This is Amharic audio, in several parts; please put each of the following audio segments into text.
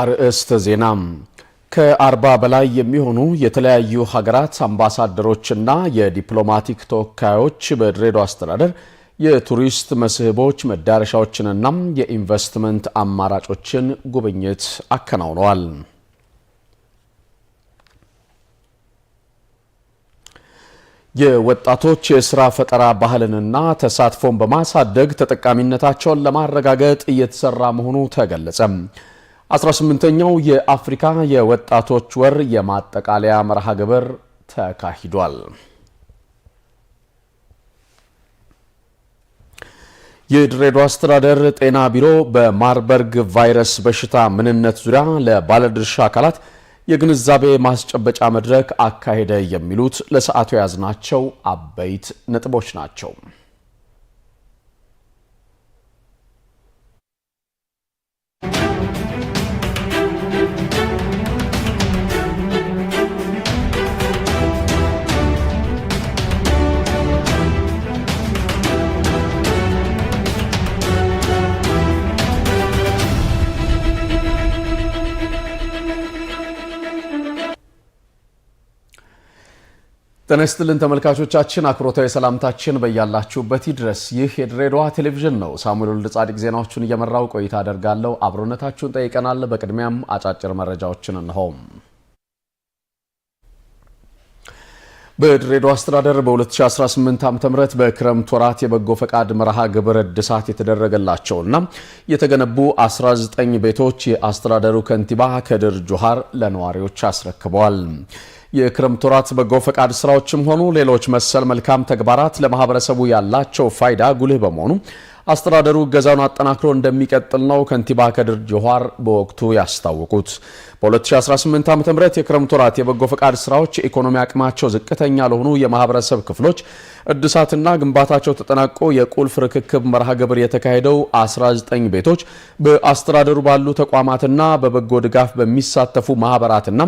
አርዕስተ ዜና ከአርባ በላይ የሚሆኑ የተለያዩ ሀገራት አምባሳደሮችና የዲፕሎማቲክ ተወካዮች በድሬዳዋ አስተዳደር የቱሪስት መስህቦች መዳረሻዎችንና የኢንቨስትመንት አማራጮችን ጉብኝት አከናውነዋል። የወጣቶች የስራ ፈጠራ ባህልንና ተሳትፎን በማሳደግ ተጠቃሚነታቸውን ለማረጋገጥ እየተሰራ መሆኑ ተገለጸ። 18ኛው የአፍሪካ የወጣቶች ወር የማጠቃለያ መርሃ ግብር ተካሂዷል። የድሬዳዋ አስተዳደር ጤና ቢሮ በማርበርግ ቫይረስ በሽታ ምንነት ዙሪያ ለባለድርሻ አካላት የግንዛቤ ማስጨበጫ መድረክ አካሄደ። የሚሉት ለሰዓቱ የያዝናቸው አበይት ነጥቦች ናቸው። ጤና ይስጥልን ተመልካቾቻችን፣ አክብሮታዊ ሰላምታችን በያላችሁበት ይድረስ። ይህ የድሬዳዋ ቴሌቪዥን ነው። ሳሙኤል ወልደ ጻድቅ ዜናዎቹን እየመራው ቆይታ አደርጋለሁ። አብሮነታችሁን ጠይቀናል። በቅድሚያም አጫጭር መረጃዎችን እንሆም። በድሬዳዋ አስተዳደር በ2018 ም በክረምት ወራት የበጎ ፈቃድ መርሃ ግብር እድሳት የተደረገላቸውና የተገነቡ 19 ቤቶች የአስተዳደሩ ከንቲባ ከድር ጁሃር ለነዋሪዎች አስረክበዋል። የክረምት ወራት በጎ ፈቃድ ስራዎችም ሆኑ ሌሎች መሰል መልካም ተግባራት ለማህበረሰቡ ያላቸው ፋይዳ ጉልህ በመሆኑ አስተዳደሩ እገዛውን አጠናክሮ እንደሚቀጥል ነው ከንቲባ ከድር ጆሃር በወቅቱ ያስታወቁት። በ2018 ዓ ም የክረምት ወራት የበጎ ፈቃድ ስራዎች የኢኮኖሚ አቅማቸው ዝቅተኛ ለሆኑ የማህበረሰብ ክፍሎች እድሳትና ግንባታቸው ተጠናቆ የቁልፍ ርክክብ መርሃ ግብር የተካሄደው 19 ቤቶች በአስተዳደሩ ባሉ ተቋማትና በበጎ ድጋፍ በሚሳተፉ ማህበራትና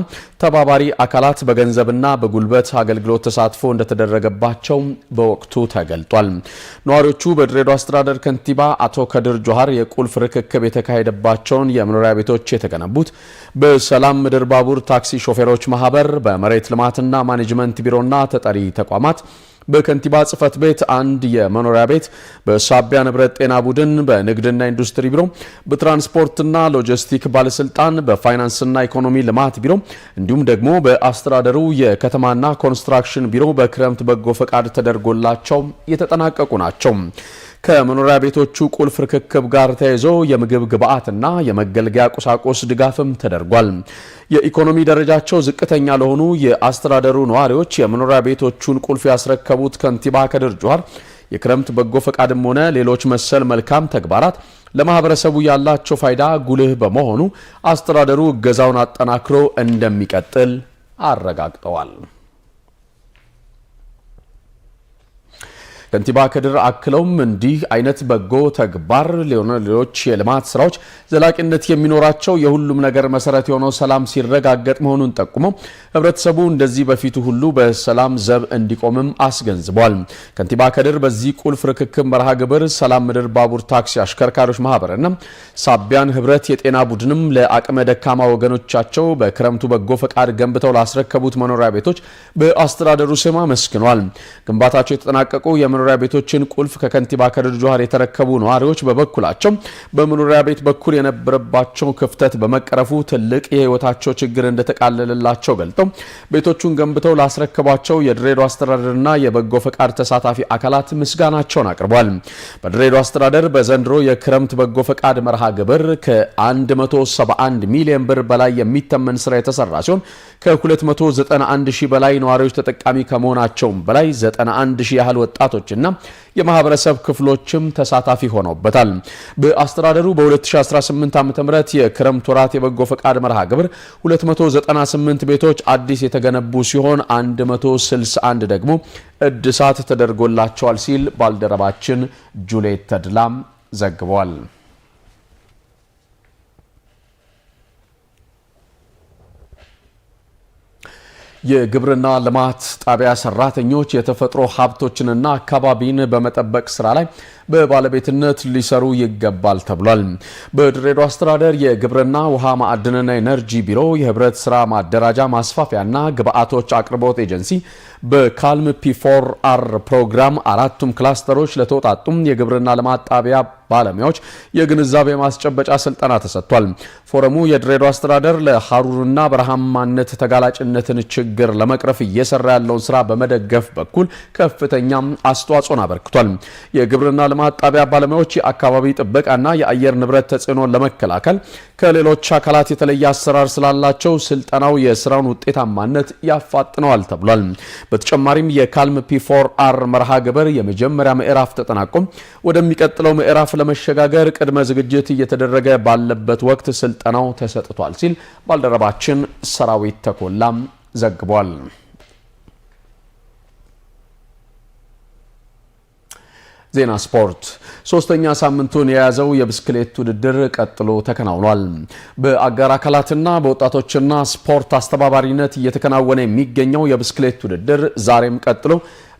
ተባባሪ አካላት በገንዘብና በጉልበት አገልግሎት ተሳትፎ እንደተደረገባቸው በወቅቱ ተገልጧል። ነዋሪዎቹ በድሬዳዋ አስተዳደር ከንቲባ አቶ ከድር ጆሃር የቁልፍ ርክክብ የተካሄደባቸውን የመኖሪያ ቤቶች የተገነቡት በሰላም ምድር ባቡር ታክሲ ሾፌሮች ማህበር በመሬት ልማትና ማኔጅመንት ቢሮና ተጠሪ ተቋማት በከንቲባ ጽህፈት ቤት አንድ የመኖሪያ ቤት በሳቢያ ንብረት ጤና ቡድን በንግድና ኢንዱስትሪ ቢሮ በትራንስፖርትና ሎጂስቲክ ባለስልጣን በፋይናንስና ኢኮኖሚ ልማት ቢሮ እንዲሁም ደግሞ በአስተዳደሩ የከተማና ኮንስትራክሽን ቢሮ በክረምት በጎ ፈቃድ ተደርጎላቸው የተጠናቀቁ ናቸው። ከመኖሪያ ቤቶቹ ቁልፍ ርክክብ ጋር ተያይዞ የምግብ ግብዓትና የመገልገያ ቁሳቁስ ድጋፍም ተደርጓል። የኢኮኖሚ ደረጃቸው ዝቅተኛ ለሆኑ የአስተዳደሩ ነዋሪዎች የመኖሪያ ቤቶቹን ቁልፍ ያስረከቡት ከንቲባ ከድር ጁሃር የክረምት በጎ ፈቃድም ሆነ ሌሎች መሰል መልካም ተግባራት ለማህበረሰቡ ያላቸው ፋይዳ ጉልህ በመሆኑ አስተዳደሩ እገዛውን አጠናክሮ እንደሚቀጥል አረጋግጠዋል። ከንቲባ ከድር አክለውም እንዲህ አይነት በጎ ተግባር ሊሆነ ሌሎች የልማት ስራዎች ዘላቂነት የሚኖራቸው የሁሉም ነገር መሰረት የሆነው ሰላም ሲረጋገጥ መሆኑን ጠቁመው ህብረተሰቡ እንደዚህ በፊቱ ሁሉ በሰላም ዘብ እንዲቆምም አስገንዝቧል። ከንቲባ ከድር በዚህ ቁልፍ ርክክብ መርሃ ግብር ሰላም ምድር ባቡር ታክሲ አሽከርካሪዎች ማህበርና ሳቢያን ህብረት የጤና ቡድንም ለአቅመ ደካማ ወገኖቻቸው በክረምቱ በጎ ፈቃድ ገንብተው ላስረከቡት መኖሪያ ቤቶች በአስተዳደሩ ስም አመስግኗል። ግንባታቸው የተጠናቀቁ የመኖሪያ ቤቶችን ቁልፍ ከከንቲባ ከድር ጁሃር የተረከቡ ነዋሪዎች በበኩላቸው በመኖሪያ ቤት በኩል የነበረባቸው ክፍተት በመቀረፉ ትልቅ የህይወታቸው ችግር እንደተቃለለላቸው ገልጠው ቤቶቹን ገንብተው ላስረከቧቸው የድሬዳዋ አስተዳደርና የበጎ ፈቃድ ተሳታፊ አካላት ምስጋናቸውን አቅርቧል። በድሬዳዋ አስተዳደር በዘንድሮ የክረምት በጎ ፈቃድ መርሃ ግብር ከ171 ሚሊዮን ብር በላይ የሚተመን ስራ የተሰራ ሲሆን ከ291 ሺህ በላይ ነዋሪዎች ተጠቃሚ ከመሆናቸውም በላይ 91 ሺህ ያህል ወጣቶች ተቋማትና የማህበረሰብ ክፍሎችም ተሳታፊ ሆነውበታል። በአስተዳደሩ በ2018 ዓ ም የክረምት ወራት የበጎ ፈቃድ መርሃ ግብር 298 ቤቶች አዲስ የተገነቡ ሲሆን 161 ደግሞ እድሳት ተደርጎላቸዋል ሲል ባልደረባችን ጁሌት ተድላም ዘግቧል። የግብርና ልማት ጣቢያ ሰራተኞች የተፈጥሮ ሀብቶችንና አካባቢን በመጠበቅ ስራ ላይ በባለቤትነት ሊሰሩ ይገባል ተብሏል። በድሬዳዋ አስተዳደር የግብርና ውሃ፣ ማዕድንና ኤነርጂ ቢሮ የህብረት ስራ ማደራጃ ማስፋፊያና ግብአቶች አቅርቦት ኤጀንሲ በካልም ፒፎር አር ፕሮግራም አራቱም ክላስተሮች ለተውጣጡም የግብርና ልማት ጣቢያ ባለሙያዎች የግንዛቤ ማስጨበጫ ስልጠና ተሰጥቷል። ፎረሙ የድሬዳዋ አስተዳደር ለሀሩርና በረሃማነት ተጋላጭነትን ችግር ለመቅረፍ እየሰራ ያለውን ስራ በመደገፍ በኩል ከፍተኛ አስተዋጽኦን አበርክቷል። የግብርና ማጣቢያ ባለሙያዎች የአካባቢ ጥበቃና የአየር ንብረት ተጽዕኖን ለመከላከል ከሌሎች አካላት የተለየ አሰራር ስላላቸው ስልጠናው የስራውን ውጤታማነት ያፋጥነዋል ተብሏል። በተጨማሪም የካልም ፒፎር አር መርሃ ግብር የመጀመሪያ ምዕራፍ ተጠናቆ ወደሚቀጥለው ምዕራፍ ለመሸጋገር ቅድመ ዝግጅት እየተደረገ ባለበት ወቅት ስልጠናው ተሰጥቷል ሲል ባልደረባችን ሰራዊት ተኮላም ዘግቧል። ዜና ስፖርት። ሶስተኛ ሳምንቱን የያዘው የብስክሌት ውድድር ቀጥሎ ተከናውኗል። በአጋር አካላትና በወጣቶችና ስፖርት አስተባባሪነት እየተከናወነ የሚገኘው የብስክሌት ውድድር ዛሬም ቀጥሎ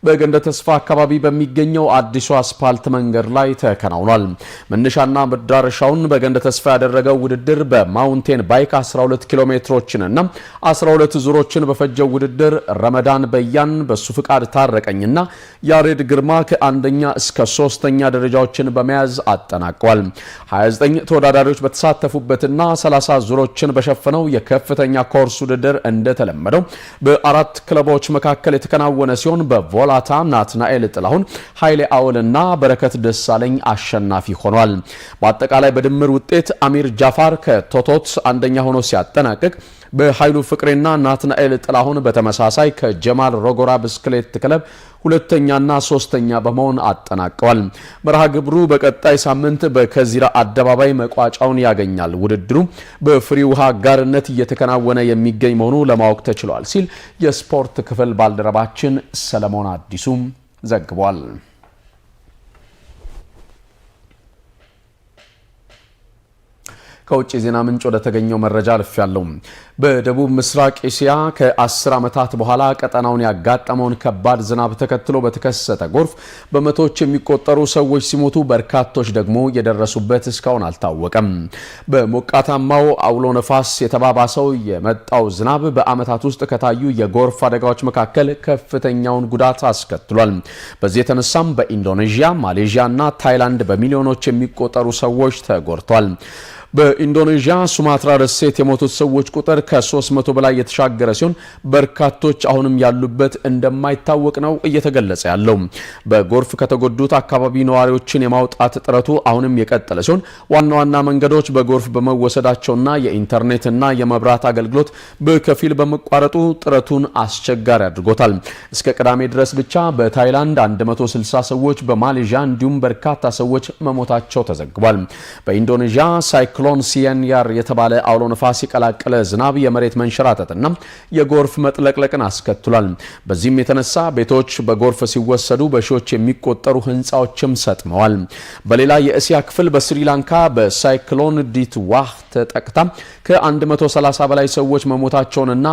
በገንደ ተስፋ አካባቢ በሚገኘው አዲሱ አስፓልት መንገድ ላይ ተከናውኗል። መነሻና መዳረሻውን በገንደ ተስፋ ያደረገው ውድድር በማውንቴን ባይክ 12 ኪሎ እና 12 ዙሮችን በፈጀው ውድድር ረመዳን በያን በሱ ፍቃድ ታረቀኝና ያሬድ ግርማ ከአንደኛ እስከ ሶስተኛ ደረጃዎችን በመያዝ አጠናቋል። 29 ተወዳዳሪዎች በተሳተፉበትና 30 ዙሮችን በሸፈነው የከፍተኛ ኮርስ ውድድር እንደተለመደው በአራት ክለቦች መካከል የተከናወነ ሲሆን በቮ ሆላታም ናትናኤል ጥላሁን፣ ኃይሌ አውልና በረከት ደሳለኝ አሸናፊ ሆኗል። በአጠቃላይ በድምር ውጤት አሚር ጃፋር ከቶቶት አንደኛ ሆኖ ሲያጠናቅቅ በኃይሉ ፍቅሬና ናትናኤል ጥላሁን በተመሳሳይ ከጀማል ሮጎራ ብስክሌት ክለብ ሁለተኛና ሶስተኛ በመሆን አጠናቀዋል። መርሃ ግብሩ በቀጣይ ሳምንት በከዚራ አደባባይ መቋጫውን ያገኛል። ውድድሩ በፍሪ ውሃ አጋርነት እየተከናወነ የሚገኝ መሆኑ ለማወቅ ተችሏል ሲል የስፖርት ክፍል ባልደረባችን ሰለሞን አዲሱም ዘግቧል። ከውጭ የዜና ምንጭ ወደ ተገኘው መረጃ አልፍ ያለው በደቡብ ምስራቅ ኤስያ ከ10 ዓመታት በኋላ ቀጠናውን ያጋጠመውን ከባድ ዝናብ ተከትሎ በተከሰተ ጎርፍ በመቶዎች የሚቆጠሩ ሰዎች ሲሞቱ በርካቶች ደግሞ የደረሱበት እስካሁን አልታወቀም። በሞቃታማው አውሎ ነፋስ የተባባሰው የመጣው ዝናብ በዓመታት ውስጥ ከታዩ የጎርፍ አደጋዎች መካከል ከፍተኛውን ጉዳት አስከትሏል። በዚህ የተነሳም በኢንዶኔዥያ፣ ማሌዥያ እና ታይላንድ በሚሊዮኖች የሚቆጠሩ ሰዎች ተጎድተዋል። በኢንዶኔዥያ ሱማትራ ደሴት የሞቱት ሰዎች ቁጥር ከ300 በላይ የተሻገረ ሲሆን በርካቶች አሁንም ያሉበት እንደማይታወቅ ነው እየተገለጸ ያለው። በጎርፍ ከተጎዱት አካባቢ ነዋሪዎችን የማውጣት ጥረቱ አሁንም የቀጠለ ሲሆን ዋና ዋና መንገዶች በጎርፍ በመወሰዳቸውና የኢንተርኔትና የመብራት አገልግሎት በከፊል በመቋረጡ ጥረቱን አስቸጋሪ አድርጎታል። እስከ ቅዳሜ ድረስ ብቻ በታይላንድ 160 ሰዎች፣ በማሌዥያ እንዲሁም በርካታ ሰዎች መሞታቸው ተዘግቧል። በኢንዶኔዥያ ሳይክሎ ኦምሮን ሲየንያር የተባለ አውሎ ነፋስ የቀላቀለ ዝናብ የመሬት መንሸራተትና የጎርፍ መጥለቅለቅን አስከትሏል። በዚህም የተነሳ ቤቶች በጎርፍ ሲወሰዱ በሺዎች የሚቆጠሩ ህንፃዎችም ሰጥመዋል። በሌላ የእስያ ክፍል በስሪላንካ በሳይክሎን ዲትዋህ ተጠቅታ ከ130 በላይ ሰዎች መሞታቸውንና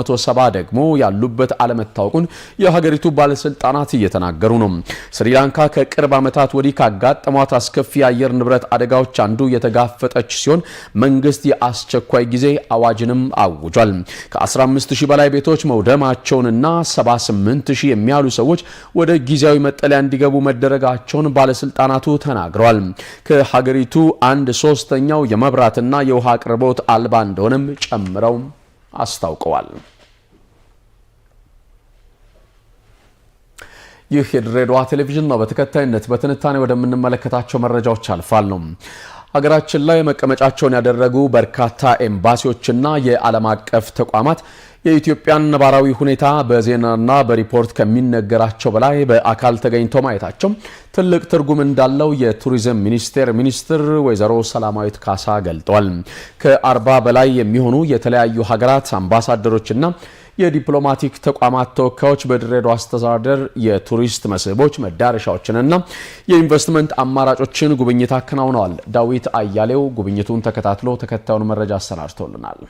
170 ደግሞ ያሉበት አለመታወቁን የሀገሪቱ ባለስልጣናት እየተናገሩ ነው። ስሪላንካ ከቅርብ ዓመታት ወዲህ ካጋጠሟት አስከፊ የአየር ንብረት አደጋዎች አንዱ የተጋፈጠች ያዘጋጅ ሲሆን መንግስት የአስቸኳይ ጊዜ አዋጅንም አውጇል። ከ15000 በላይ ቤቶች መውደማቸውንና 78000 የሚያሉ ሰዎች ወደ ጊዜያዊ መጠለያ እንዲገቡ መደረጋቸውን ባለስልጣናቱ ተናግረዋል። ከሀገሪቱ አንድ ሶስተኛው የመብራትና የውሃ አቅርቦት አልባ እንደሆነም ጨምረው አስታውቀዋል። ይህ የድሬዳዋ ቴሌቪዥን ነው። በተከታይነት በትንታኔ ወደምንመለከታቸው መረጃዎች አልፋል ነው ሀገራችን ላይ መቀመጫቸውን ያደረጉ በርካታ ኤምባሲዎችና የዓለም አቀፍ ተቋማት የኢትዮጵያን ነባራዊ ሁኔታ በዜናና በሪፖርት ከሚነገራቸው በላይ በአካል ተገኝቶ ማየታቸው ትልቅ ትርጉም እንዳለው የቱሪዝም ሚኒስቴር ሚኒስትር ወይዘሮ ሰላማዊት ካሳ ገልጠዋል። ከአርባ በላይ የሚሆኑ የተለያዩ ሀገራት አምባሳደሮችና የዲፕሎማቲክ ተቋማት ተወካዮች በድሬዳዋ አስተዳደር የቱሪስት መስህቦች መዳረሻዎችንና የኢንቨስትመንት አማራጮችን ጉብኝት አከናውነዋል። ዳዊት አያሌው ጉብኝቱን ተከታትሎ ተከታዩን መረጃ አሰናድቶልናል።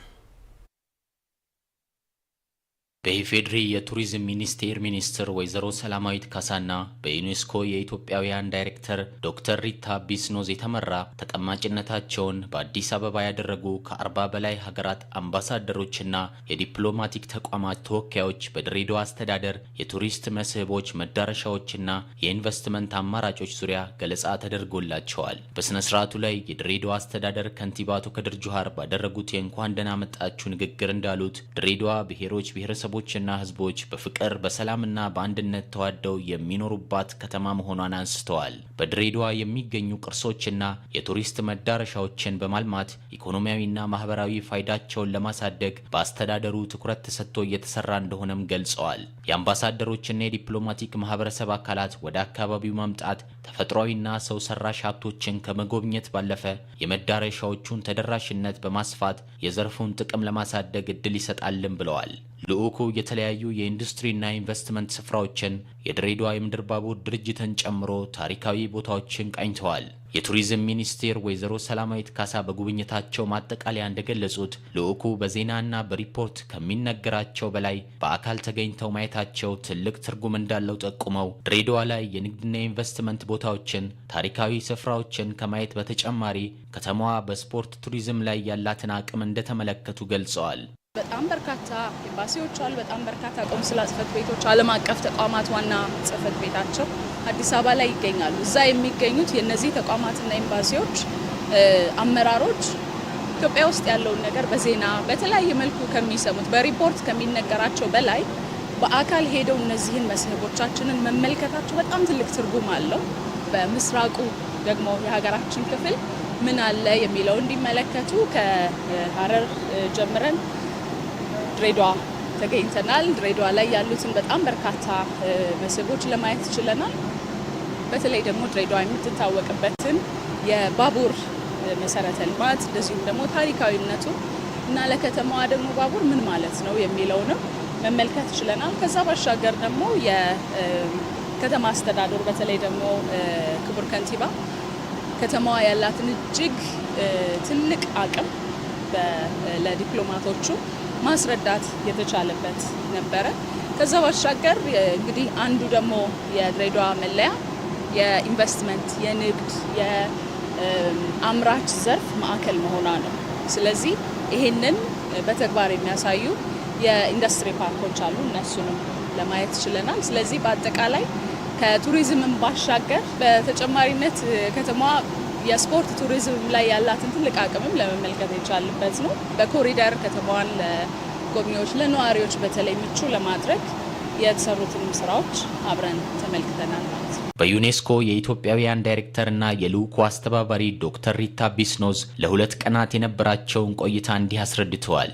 በኢፌዴሪ የቱሪዝም ሚኒስቴር ሚኒስትር ወይዘሮ ሰላማዊት ካሳና በዩኔስኮ የኢትዮጵያውያን ዳይሬክተር ዶክተር ሪታ ቢስኖዝ የተመራ ተቀማጭነታቸውን በአዲስ አበባ ያደረጉ ከአርባ በላይ ሀገራት አምባሳደሮችና የዲፕሎማቲክ ተቋማት ተወካዮች በድሬዳዋ አስተዳደር የቱሪስት መስህቦች መዳረሻዎችና የኢንቨስትመንት አማራጮች ዙሪያ ገለጻ ተደርጎላቸዋል። በሥነ ሥርዓቱ ላይ የድሬዳዋ አስተዳደር ከንቲባ አቶ ከድር ጁሃር ባደረጉት የእንኳን ደህና መጣችሁ ንግግር እንዳሉት ድሬዳዋ ብሔሮች ብሔረሰብ ብሔረሰቦችና ሕዝቦች በፍቅር በሰላምና በአንድነት ተዋደው የሚኖሩባት ከተማ መሆኗን አንስተዋል። በድሬዳዋ የሚገኙ ቅርሶችና የቱሪስት መዳረሻዎችን በማልማት ኢኮኖሚያዊና ማህበራዊ ፋይዳቸውን ለማሳደግ በአስተዳደሩ ትኩረት ተሰጥቶ እየተሰራ እንደሆነም ገልጸዋል። የአምባሳደሮችና የዲፕሎማቲክ ማህበረሰብ አካላት ወደ አካባቢው ማምጣት ተፈጥሯዊና ሰው ሰራሽ ሀብቶችን ከመጎብኘት ባለፈ የመዳረሻዎቹን ተደራሽነት በማስፋት የዘርፉን ጥቅም ለማሳደግ እድል ይሰጣልን ብለዋል። ልዑኩ የተለያዩ የኢንዱስትሪና ኢንቨስትመንት ስፍራዎችን የድሬዳዋ የምድር ባቡር ድርጅትን ጨምሮ ታሪካዊ ቦታዎችን ቃኝተዋል። የቱሪዝም ሚኒስቴር ወይዘሮ ሰላማዊት ካሳ በጉብኝታቸው ማጠቃለያ እንደገለጹት ልዑኩ በዜናና በሪፖርት ከሚነገራቸው በላይ በአካል ተገኝተው ማየታቸው ትልቅ ትርጉም እንዳለው ጠቁመው ድሬዳዋ ላይ የንግድና የኢንቨስትመንት ቦታዎችን፣ ታሪካዊ ስፍራዎችን ከማየት በተጨማሪ ከተማዋ በስፖርት ቱሪዝም ላይ ያላትን አቅም እንደተመለከቱ ገልጸዋል። በጣም በርካታ ኤምባሲዎች አሉ። በጣም በርካታ ቆንስላ ጽህፈት ቤቶች፣ ዓለም አቀፍ ተቋማት ዋና ጽህፈት ቤታቸው አዲስ አበባ ላይ ይገኛሉ። እዛ የሚገኙት የእነዚህ ተቋማትና ኤምባሲዎች አመራሮች ኢትዮጵያ ውስጥ ያለውን ነገር በዜና በተለያየ መልኩ ከሚሰሙት በሪፖርት ከሚነገራቸው በላይ በአካል ሄደው እነዚህን መስህቦቻችንን መመልከታቸው በጣም ትልቅ ትርጉም አለው። በምስራቁ ደግሞ የሀገራችን ክፍል ምን አለ የሚለው እንዲመለከቱ ከሀረር ጀምረን ድሬዳዋ ተገኝተናል። ድሬዳዋ ላይ ያሉትን በጣም በርካታ መስህቦች ለማየት ችለናል። በተለይ ደግሞ ድሬዳዋ የምትታወቅበትን የባቡር መሰረተ ልማት እንደዚሁም ደግሞ ታሪካዊነቱ እና ለከተማዋ ደግሞ ባቡር ምን ማለት ነው የሚለውንም መመልከት ችለናል። ከዛ ባሻገር ደግሞ የከተማ አስተዳደሩ በተለይ ደግሞ ክቡር ከንቲባ ከተማዋ ያላትን እጅግ ትልቅ አቅም ለዲፕሎማቶቹ ማስረዳት የተቻለበት ነበረ። ከዛ ባሻገር እንግዲህ አንዱ ደግሞ የድሬዳዋ መለያ የኢንቨስትመንት የንግድ የአምራች ዘርፍ ማዕከል መሆኗ ነው። ስለዚህ ይህንን በተግባር የሚያሳዩ የኢንዱስትሪ ፓርኮች አሉ። እነሱንም ለማየት ችለናል። ስለዚህ በአጠቃላይ ከቱሪዝምን ባሻገር በተጨማሪነት ከተማዋ የስፖርት ቱሪዝም ላይ ያላትን ትልቅ አቅምም ለመመልከት የቻልበት ነው። በኮሪደር ከተማዋን ለጎብኚዎች ለነዋሪዎች በተለይ ምቹ ለማድረግ የተሰሩትንም ስራዎች አብረን ተመልክተናል ማለት ነው። በዩኔስኮ የኢትዮጵያውያን ዳይሬክተርና የልዑኩ አስተባባሪ ዶክተር ሪታ ቢስኖዝ ለሁለት ቀናት የነበራቸውን ቆይታ እንዲህ አስረድተዋል።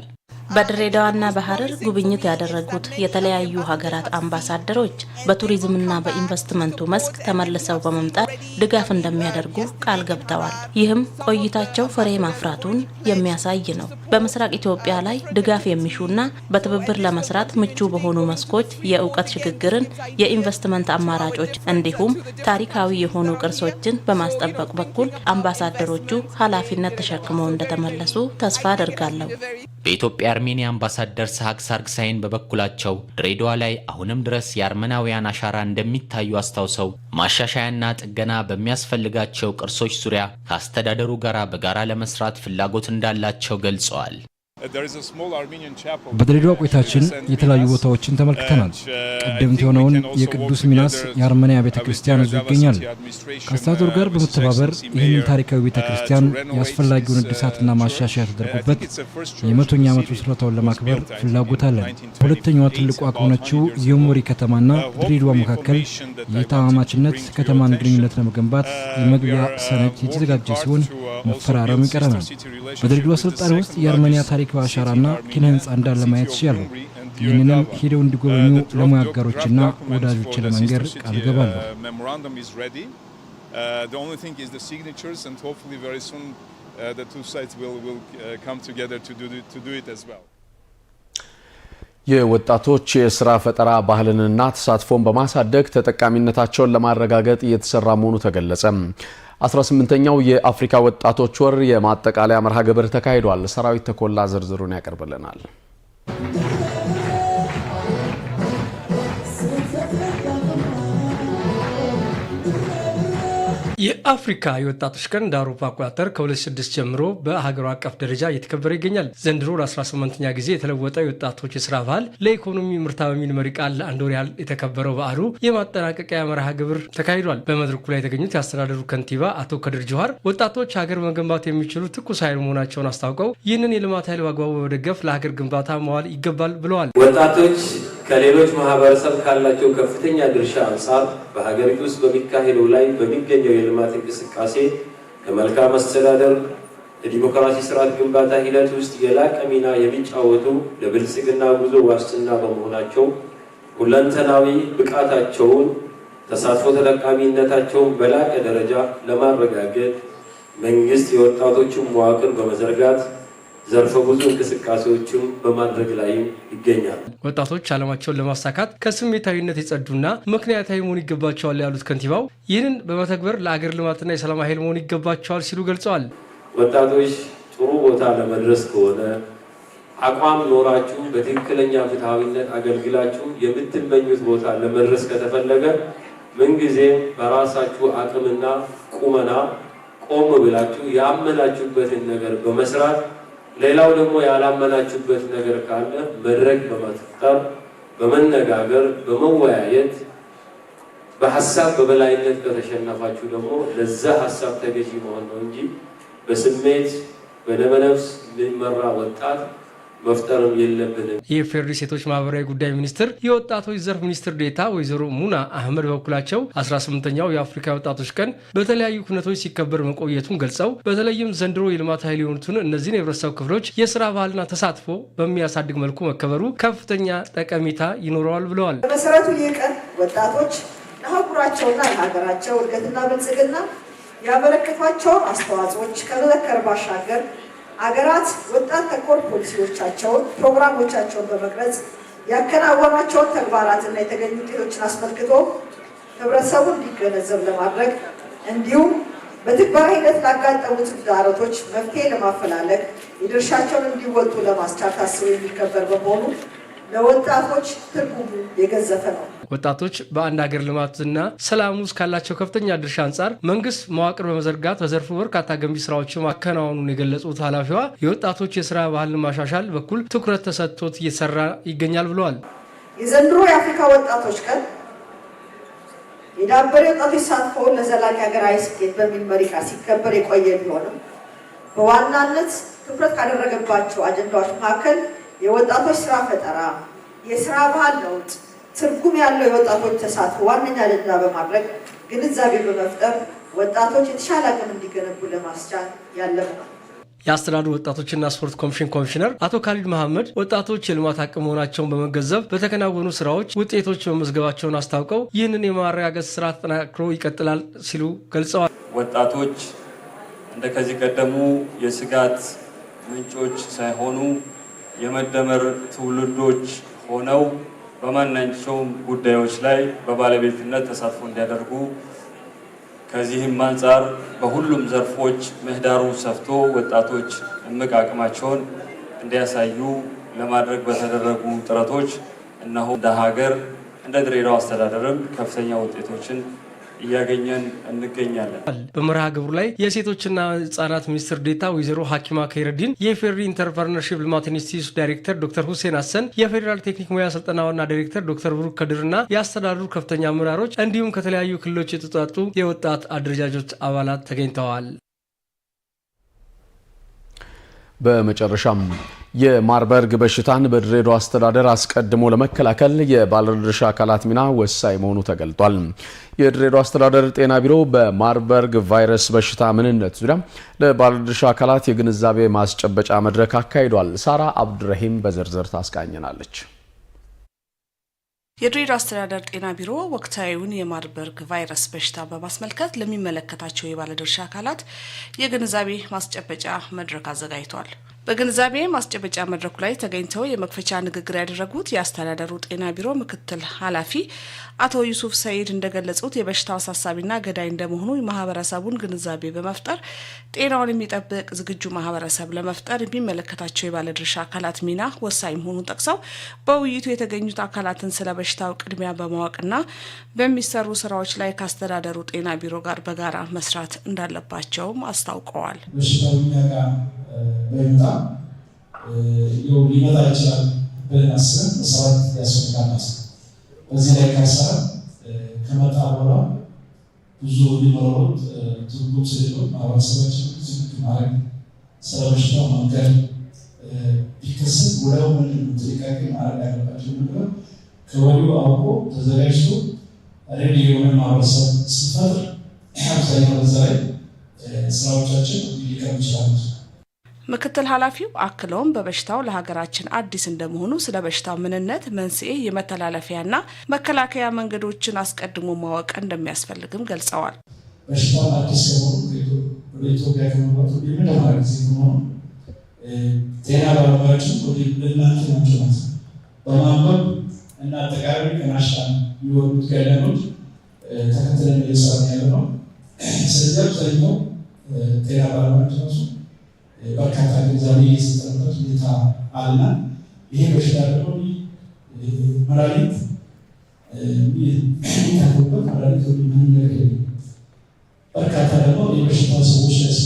በድሬዳዋና በሐረር ጉብኝት ያደረጉት የተለያዩ ሀገራት አምባሳደሮች በቱሪዝምና በኢንቨስትመንቱ መስክ ተመልሰው በመምጣት ድጋፍ እንደሚያደርጉ ቃል ገብተዋል። ይህም ቆይታቸው ፍሬ ማፍራቱን የሚያሳይ ነው። በምስራቅ ኢትዮጵያ ላይ ድጋፍ የሚሹና በትብብር ለመስራት ምቹ በሆኑ መስኮች የእውቀት ሽግግርን፣ የኢንቨስትመንት አማራጮች እንዲሁም ታሪካዊ የሆኑ ቅርሶችን በማስጠበቅ በኩል አምባሳደሮቹ ኃላፊነት ተሸክመው እንደተመለሱ ተስፋ አደርጋለሁ። በኢትዮጵያ የአርሜኒያ አምባሳደር ሳሃቅ ሳርግሳይን በበኩላቸው ድሬዳዋ ላይ አሁንም ድረስ የአርመናውያን አሻራ እንደሚታዩ አስታውሰው ማሻሻያና ጥገና በሚያስፈልጋቸው ቅርሶች ዙሪያ ከአስተዳደሩ ጋር በጋራ ለመስራት ፍላጎት እንዳላቸው ገልጸዋል። በድሬዳዋ ቆይታችን የተለያዩ ቦታዎችን uh, ተመልክተናል። ቀደምት የሆነውን የቅዱስ ሚናስ የአርመንያ ቤተ ክርስቲያን እዙ ይገኛል። ከአስተዳደሩ ጋር uh, በመተባበር ይህንን ታሪካዊ uh, ቤተ ክርስቲያን የአስፈላጊውን እድሳትና ማሻሻያ ተደርጎበት የመቶኛ ዓመት ምስረታውን ለማክበር ፍላጎት አለን። ሁለተኛዋ ትልቋ ከሆነችው የሞሪ ከተማና ድሬዳዋ መካከል የተማማችነት ከተማን ግንኙነት ለመገንባት የመግቢያ ሰነድ የተዘጋጀ ሲሆን መፈራረም ይቀረናል። በድሬዳዋ ስልጣኔ ውስጥ የአርመንያ ታሪክ ታሪካዊ አሻራና ኪነ ህንፃ እንዳለ ማየት ይችላሉ። ይህንንም ሄደው እንዲጎበኙ ለሙያ አጋሮችና ወዳጆች ለመንገር ቃል ገባለሁ። uh, uh, uh, የወጣቶች የስራ ፈጠራ ባህልንና ተሳትፎን በማሳደግ ተጠቃሚነታቸውን ለማረጋገጥ እየተሰራ መሆኑ ተገለጸ። 18ኛው የአፍሪካ ወጣቶች ወር የማጠቃለያ መርሃ ግብር ተካሂዷል። ሰራዊት ተኮላ ዝርዝሩን ያቀርብልናል። የአፍሪካ የወጣቶች ቀን እንደ አውሮፓ አቆጣጠር ከ2006 ጀምሮ በሀገር አቀፍ ደረጃ እየተከበረ ይገኛል። ዘንድሮ ለ18ኛ ጊዜ የተለወጠ የወጣቶች የስራ ባህል ለኢኮኖሚ ምርታ በሚል መሪ ቃል ለአንድ ወር ያህል የተከበረው በዓሉ የማጠናቀቂያ መርሃ ግብር ተካሂዷል። በመድረኩ ላይ የተገኙት የአስተዳደሩ ከንቲባ አቶ ከድር ጅኋር ወጣቶች ሀገር መገንባት የሚችሉ ትኩስ ኃይል መሆናቸውን አስታውቀው ይህንን የልማት ኃይል በአግባቡ በመደገፍ ለሀገር ግንባታ መዋል ይገባል ብለዋል። ወጣቶች ከሌሎች ማህበረሰብ ካላቸው ከፍተኛ ድርሻ አንጻር በሀገሪቱ ውስጥ በሚካሄደው ላይ በሚገኘው የልማት እንቅስቃሴ ከመልካም አስተዳደር ለዲሞክራሲ ስርዓት ግንባታ ሂደት ውስጥ የላቀ ሚና የሚጫወቱ ለብልጽግና ጉዞ ዋስትና በመሆናቸው ሁለንተናዊ ብቃታቸውን፣ ተሳትፎ ተጠቃሚነታቸውን በላቀ ደረጃ ለማረጋገጥ መንግስት የወጣቶችን መዋቅር በመዘርጋት ዘርፈ ብዙ እንቅስቃሴዎችን በማድረግ ላይ ይገኛል። ወጣቶች ዓላማቸውን ለማሳካት ከስሜታዊነት የጸዱና ምክንያታዊ መሆን ይገባቸዋል ያሉት ከንቲባው ይህንን በመተግበር ለአገር ልማትና የሰላም ኃይል መሆን ይገባቸዋል ሲሉ ገልጸዋል። ወጣቶች ጥሩ ቦታ ለመድረስ ከሆነ አቋም ኖራችሁ በትክክለኛ ፍትሐዊነት አገልግላችሁ የምትመኙት ቦታ ለመድረስ ከተፈለገ ምንጊዜ በራሳችሁ አቅምና ቁመና ቆም ብላችሁ ያመናችሁበትን ነገር በመስራት ሌላው ደግሞ ያላመናችሁበት ነገር ካለ መድረክ በመፍጠር በመነጋገር በመወያየት በሀሳብ በበላይነት ከተሸነፋችሁ ደግሞ ለዛ ሀሳብ ተገዢ መሆን ነው እንጂ በስሜት በደመነፍስ የሚመራ ወጣት መፍጠርም የለብንም። የኢፌዴሪ ሴቶች ማህበራዊ ጉዳይ ሚኒስትር የወጣቶች ዘርፍ ሚኒስትር ዴታ ወይዘሮ ሙና አህመድ በኩላቸው 18ኛው የአፍሪካ ወጣቶች ቀን በተለያዩ ሁነቶች ሲከበር መቆየቱን ገልጸው በተለይም ዘንድሮ የልማት ኃይል የሆኑትን እነዚህን የህብረተሰብ ክፍሎች የስራ ባህልና ተሳትፎ በሚያሳድግ መልኩ መከበሩ ከፍተኛ ጠቀሜታ ይኖረዋል ብለዋል። በመሰረቱ ይህ ቀን ወጣቶች ለአህጉራቸውና ለሀገራቸው እድገትና ብልጽግና ያበረከቷቸውን አስተዋጽኦች ከመዘከር ባሻገር አገራት ወጣት ተኮር ፖሊሲዎቻቸውን፣ ፕሮግራሞቻቸውን በመቅረጽ ተግባራት ተግባራትና የተገኙ ውጤቶችን አስመልክቶ ህብረተሰቡ እንዲገነዘብ ለማድረግ እንዲሁም በትግበራ ሂደት ላጋጠሙት ተግዳሮቶች መፍትሄ ለማፈላለግ የድርሻቸውን እንዲወጡ ለማስቻል ታስቦ የሚከበር በመሆኑ ለወጣቶች ትርጉሙ የገዘፈ ነው። ወጣቶች በአንድ ሀገር ልማትና ሰላም ውስጥ ካላቸው ከፍተኛ ድርሻ አንጻር መንግስት መዋቅር በመዘርጋት በዘርፉ በርካታ ገንቢ ስራዎችን ማከናወኑን የገለጹት ኃላፊዋ የወጣቶች የስራ ባህልን ማሻሻል በኩል ትኩረት ተሰጥቶት እየሰራ ይገኛል ብለዋል። የዘንድሮ የአፍሪካ ወጣቶች ቀን የዳበረ ወጣቶች ተሳትፎውን ለዘላቂ ሀገራዊ ስኬት በሚል መሪ ቃል ሲከበር የቆየ ቢሆንም በዋናነት ትኩረት ካደረገባቸው አጀንዳዎች መካከል የወጣቶች ስራ ፈጠራ፣ የስራ ባህል ለውጥ ትርጉም ያለው የወጣቶች ተሳትፎ ዋነኛ አጀንዳ በማድረግ ግንዛቤ በመፍጠር ወጣቶች የተሻለ አቅም እንዲገነቡ ለማስቻል ያለምናል። የአስተዳደሩ ወጣቶችና ስፖርት ኮሚሽን ኮሚሽነር አቶ ካሊድ መሐመድ ወጣቶች የልማት አቅም መሆናቸውን በመገንዘብ በተከናወኑ ስራዎች ውጤቶች መመዝገባቸውን አስታውቀው ይህንን የማረጋገጥ ስራ ተጠናክሮ ይቀጥላል ሲሉ ገልጸዋል። ወጣቶች እንደ ከዚህ ቀደሙ የስጋት ምንጮች ሳይሆኑ የመደመር ትውልዶች ሆነው በማናቸውም ጉዳዮች ላይ በባለቤትነት ተሳትፎ እንዲያደርጉ ከዚህም አንጻር በሁሉም ዘርፎች ምህዳሩ ሰፍቶ ወጣቶች እምቅ አቅማቸውን እንዲያሳዩ ለማድረግ በተደረጉ ጥረቶች እነሆ እንደ ሀገር እንደ ድሬዳዋ አስተዳደርም ከፍተኛ ውጤቶችን እያገኘን እንገኛለን። በመርሃ ግብሩ ላይ የሴቶችና ህጻናት ሚኒስትር ዴታ ወይዘሮ ሀኪማ ከይረዲን፣ የፌሪ ኢንተርፕርነርሽፕ ልማት ኢንስቲትዩት ዳይሬክተር ዶክተር ሁሴን አሰን የፌዴራል ቴክኒክ ሙያ ስልጠና ዋና ዳይሬክተር ዶክተር ብሩክ ከድርና የአስተዳደሩ ከፍተኛ አመራሮች እንዲሁም ከተለያዩ ክልሎች የተውጣጡ የወጣት አደረጃጆች አባላት ተገኝተዋል። በመጨረሻም የማርበርግ በሽታን በድሬዳዋ አስተዳደር አስቀድሞ ለመከላከል የባለድርሻ አካላት ሚና ወሳኝ መሆኑ ተገልጧል። የድሬዳዋ አስተዳደር ጤና ቢሮ በማርበርግ ቫይረስ በሽታ ምንነት ዙሪያ ለባለድርሻ አካላት የግንዛቤ ማስጨበጫ መድረክ አካሂዷል። ሳራ አብዱረሂም በዝርዝር ታስቃኘናለች። የድሬዳዋ አስተዳደር ጤና ቢሮ ወቅታዊውን የማርበርግ ቫይረስ በሽታ በማስመልከት ለሚመለከታቸው የባለድርሻ አካላት የግንዛቤ ማስጨበጫ መድረክ አዘጋጅቷል። በግንዛቤ ማስጨበጫ መድረኩ ላይ ተገኝተው የመክፈቻ ንግግር ያደረጉት የአስተዳደሩ ጤና ቢሮ ምክትል ኃላፊ አቶ ዩሱፍ ሰይድ እንደገለጹት የበሽታው አሳሳቢና ገዳይ እንደመሆኑ የማህበረሰቡን ግንዛቤ በመፍጠር ጤናውን የሚጠብቅ ዝግጁ ማህበረሰብ ለመፍጠር የሚመለከታቸው የባለድርሻ አካላት ሚና ወሳኝ መሆኑን ጠቅሰው በውይይቱ የተገኙት አካላትን ስለ በሽታው ቅድሚያ በማወቅና በሚሰሩ ስራዎች ላይ ከአስተዳደሩ ጤና ቢሮ ጋር በጋራ መስራት እንዳለባቸውም አስታውቀዋል። በይመጣ ው ሊመጣ ይችላል ብለን አስበን መሰራት ያስፈልጋል ማለት ነው። በዚህ ላይ ካልሰራ ከመጣ በኋላ ብዙ ሊመረሩት ትርጉም ስለሌለው ማህበረሰባችን ዝግ ማድረግ ስለ መንገድ ቢከሰት ወዲያው ምንድነው ጥንቃቄ ማድረግ ያለባቸው ነገር ከወዲሁ አውቆ ተዘጋጅቶ ሬዲ የሆነ ማህበረሰብ ስንፈጥር አብዛኛው በዛ ላይ ስራዎቻችን ሊቀም ይችላል። ምክትል ኃላፊው አክለውም በበሽታው ለሀገራችን አዲስ እንደመሆኑ ስለ በሽታው ምንነት፣ መንስኤ፣ የመተላለፊያና መከላከያ መንገዶችን አስቀድሞ ማወቅ እንደሚያስፈልግም ገልጸዋል። በሽታው አዲስ ወደ ኢትዮጵያ ከመግባቱ የመጀመሪያ ጊዜ ጤና ባለሙያዎችን ወደ ናቸው በማንበብ እና አጠቃላይ ከናሻ የሚወዱት ገለኖች ተከትለን እየሰራ ያለ ነው። ስለዚያ አብዛኛው ጤና ባለሙያዎች ራሱ በርካታ ግንዛቤ የሰጠበት ሁኔታ አለና ይሄ በሽታ ደግሞ መድኃኒት የሚታገበት መድኃኒት የምንነገር በርካታ ደግሞ የበሽታ ሰዎች ላይ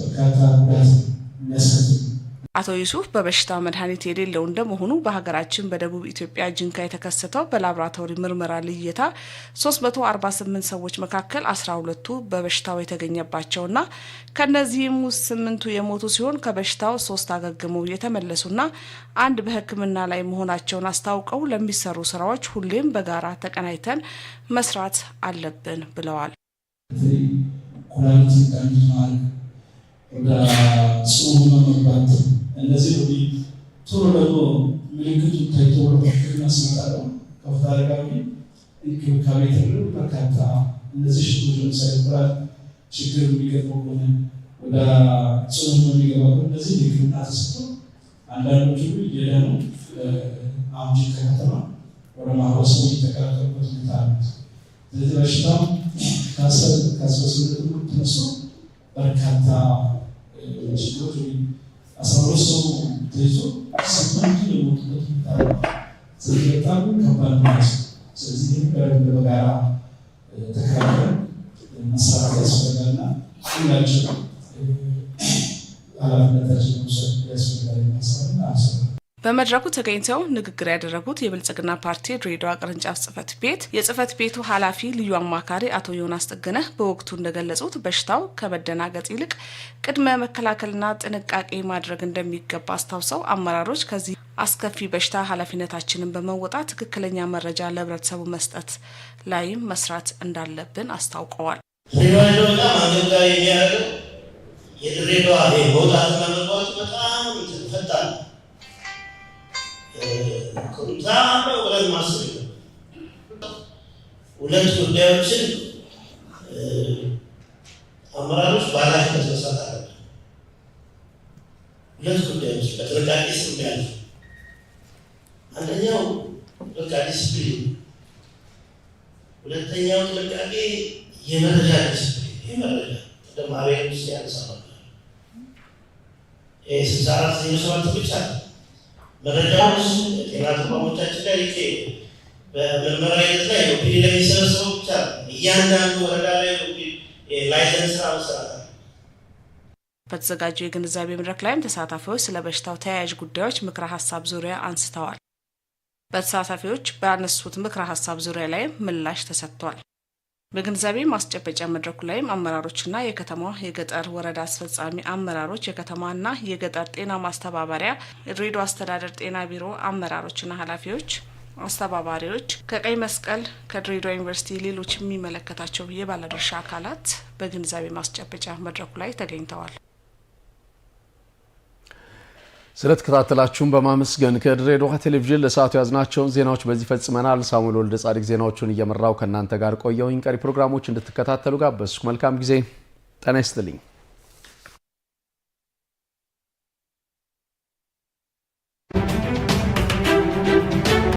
በርካታ ጉዳት የሚያስከትል አቶ ዩሱፍ በበሽታው መድኃኒት የሌለው እንደመሆኑ በሀገራችን በደቡብ ኢትዮጵያ ጅንካ የተከሰተው በላብራቶሪ ምርመራ ልየታ 348 ሰዎች መካከል 12ቱ በበሽታው የተገኘባቸውና ከእነዚህም ውስጥ ስምንቱ የሞቱ ሲሆን ከበሽታው ሶስት አገግመው የተመለሱና አንድ በሕክምና ላይ መሆናቸውን አስታውቀው ለሚሰሩ ስራዎች ሁሌም በጋራ ተቀናይተን መስራት አለብን ብለዋል። በጽሁፍ መግባት እነዚህ ሁ ቶሎ ደግሞ ምልክቱ ታይቶ ስመጣለ ከፍታ አረጋዊ እንክብካቤ ተብሎ በርካታ እነዚህ ሽቶች ለምሳሌ ኩላሊት ችግር የሚገባው ከሆነ ወደ ጽሁፍ የሚገባ እነዚህ ሕክምና ተሰጥቶ አንዳንዶቹ የዳኑ አምጪ ከተማ ወደ ማህበረሰቡ የተቀላቀሉበት ሁኔታ አሉት። ስለዚህ በሽታው ከስበስምነት ተነስቶ በርካታ ሽኖች ወይም አስራ ሁለት ሰው ተይዞ ስምንቱ የሞቱበት ይታሉ። ስለዚህ በጣም ከባድ ነው። ስለዚህ ይህም በጋራ ተከራከር መሰራት ያስፈልጋልና ሁላችን ኃላፊነታችን መውሰድ ያስፈልጋል። ማሰብና አስ በመድረኩ ተገኝተው ንግግር ያደረጉት የብልጽግና ፓርቲ ድሬዳዋ ቅርንጫፍ ጽህፈት ቤት የጽህፈት ቤቱ ኃላፊ ልዩ አማካሪ አቶ ዮናስ ጥግነህ በወቅቱ እንደገለጹት በሽታው ከመደናገጥ ይልቅ ቅድመ መከላከልና ጥንቃቄ ማድረግ እንደሚገባ አስታውሰው አመራሮች ከዚህ አስከፊ በሽታ ኃላፊነታችንን በመወጣት ትክክለኛ መረጃ ለህብረተሰቡ መስጠት ላይም መስራት እንዳለብን አስታውቀዋል። በጣም ዛ ነው ብለን ማስብ ሁለት ጉዳዮችን አመራሮች ባላቸው መስመሳት አለ። ሁለት ጉዳዮች በጥንቃቄ ስም ያለ አንደኛው ጥንቃቄ ዲስፕሊን፣ ሁለተኛው ጥንቃቄ የመረጃ ዲስፕሊን። ይህ መረጃ ቅድም አቤል ውስጥ ያነሳ ይህ ስልሳ አራት ዜሮ ሰባት ብቻ ነው መረጃዎች ጤና ተቋሞቻችን ላይ በምርመራ ላይ ላይ ብቻ እያንዳንዱ ወረዳ ላይ ላይሰንስ ስራ በተዘጋጀው የግንዛቤ መድረክ ላይም ተሳታፊዎች ስለ በሽታው ተያያዥ ጉዳዮች ምክረ ሀሳብ ዙሪያ አንስተዋል። በተሳታፊዎች ባነሱት ምክረ ሀሳብ ዙሪያ ላይ ምላሽ ተሰጥቷል። በግንዛቤ ማስጨበጫ መድረኩ ላይም አመራሮችና የከተማ የገጠር ወረዳ አስፈጻሚ አመራሮች፣ የከተማና የገጠር ጤና ማስተባበሪያ ሬዲዮ አስተዳደር ጤና ቢሮ አመራሮችና ኃላፊዎች፣ አስተባባሪዎች ከቀይ መስቀል ከድሬዳዋ ዩኒቨርሲቲ፣ ሌሎች የሚመለከታቸው የባለድርሻ አካላት በግንዛቤ ማስጨበጫ መድረኩ ላይ ተገኝተዋል። ስለተከታተላችሁን በማመስገን ከድሬዳዋ ቴሌቪዥን ለሰዓቱ ያዝናቸውን ዜናዎች በዚህ ፈጽመናል። ሳሙኤል ወልደ ጻድቅ ዜናዎቹን እየመራው ከእናንተ ጋር ቆየሁኝ። ቀሪ ፕሮግራሞች እንድትከታተሉ ጋበዝኩ። መልካም ጊዜ። ጤና ይስጥልኝ።